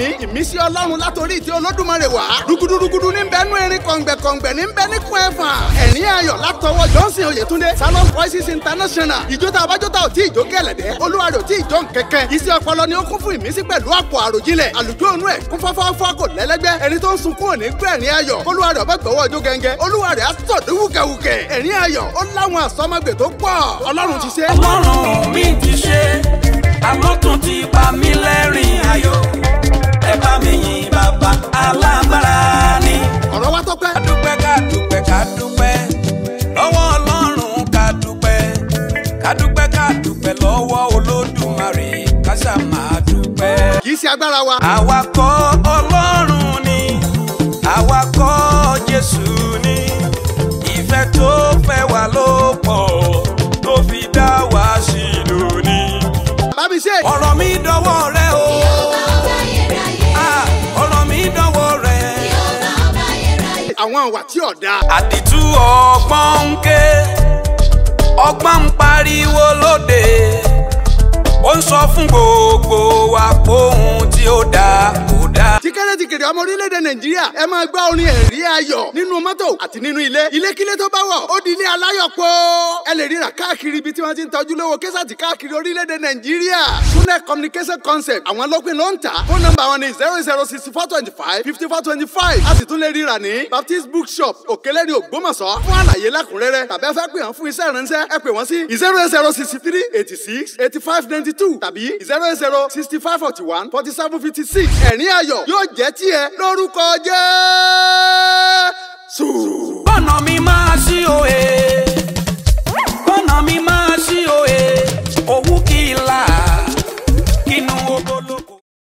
ìmí ìmísí ọlọ́run látòrí ti olódùmarè wá. rúgudurúgudu ní bẹnu erin kọ̀ǹgbẹ̀kọ̀ǹgbẹ̀ ní bẹ níkun ẹ̀fà. ẹ̀rín ayọ̀ látọwọ́ johnson oyetunde salon voices international. ìjó tá a bá jó tá ò tí ìjó gẹ̀lẹ̀dẹ́ olúwarẹ̀ ò tí ìjó nkẹ́kẹ́. iṣẹ́ ọpọlọ ni ó kún fún ìmísí pẹ̀lú àpò àròjinlẹ̀. àlùjọ òun ẹ̀ kún fọ́fọ́fọ́ kò lẹ́lẹ́gbẹ́. ẹni tó ń sunkún òní gbẹ̀rín ayọ̀. olúwarẹ̀ ọbẹ̀ gbọ́wọ́ ọjọ́ gẹ́gẹ́. olúwarẹ̀ á sọ̀dún wùkẹ̀wùkẹ̀. ẹ̀rín ayọ̀ ó láwọn àsọmọgbè tó pọ̀. ọlọ́run ti ṣe. ọlọ́run Èdùmàrè kásá máa dúpẹ́. kì í ṣe agbára wa. àwa kọ́ ni àwa jésù ni ìfẹ́ tó fẹ́ wa ló pọ̀ tó fi dá wa sí lónìí. bàbá mi ṣe. ọ̀rọ̀ mi dọwọ́ rẹ o. Ah, àwọn àwà tí ò dáa. àdìtú ọgbọ́n ń ké. sọ fún gbogbo wa pé ohun tí ó dáa kò dáa tíkẹ́rẹ́tìkèrè ọmọ orílẹ̀-èdè nàìjíríà ẹ máa gbá orin ẹ̀rí ayọ̀ nínú mọ́tò àti nínú ilé ilékílé tó bá wọ̀ ó di ilé aláyọ̀ pọ̀ ẹ lè ríra káàkiri ibi tí wọ́n ti ń tọ́jú lówó késàtì káàkiri orílẹ̀-èdè nàìjíríà sunet communication concept àwọn lọ́pìn ló ń tà phone number wọn ni zero zero six four twenty five fifty four twenty five a sì tún lè ríra ní baptist bookshop òkèlẹ́ni ògbómọ̀ṣọ́ fún àlàyé lẹ́kùnrẹ́rẹ́ tàbí ẹ fẹ́ pè wọ́n fún iṣẹ́ ìránṣẹ́ ẹ pè wọ́n sí zero zero six three eighty six eighty five ninety two tàbí zero zero sixty five forty one forty seven fifty six ẹ̀rín ayọ̀ yóò yóò jẹ́ tiẹ̀ lórúkọ Jésù.